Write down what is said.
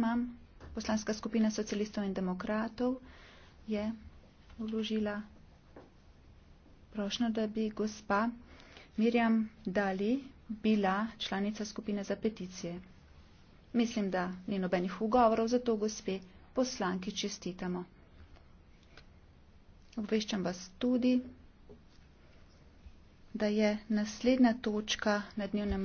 imam. Poslanska skupina socialistov in demokratov je vložila prošnjo, da bi gospa Mirjam Dali bila članica skupine za peticije. Mislim, da ni nobenih ugovorov, zato gospe poslanki čestitamo. Obveščam vas tudi, da je naslednja točka na dnevnem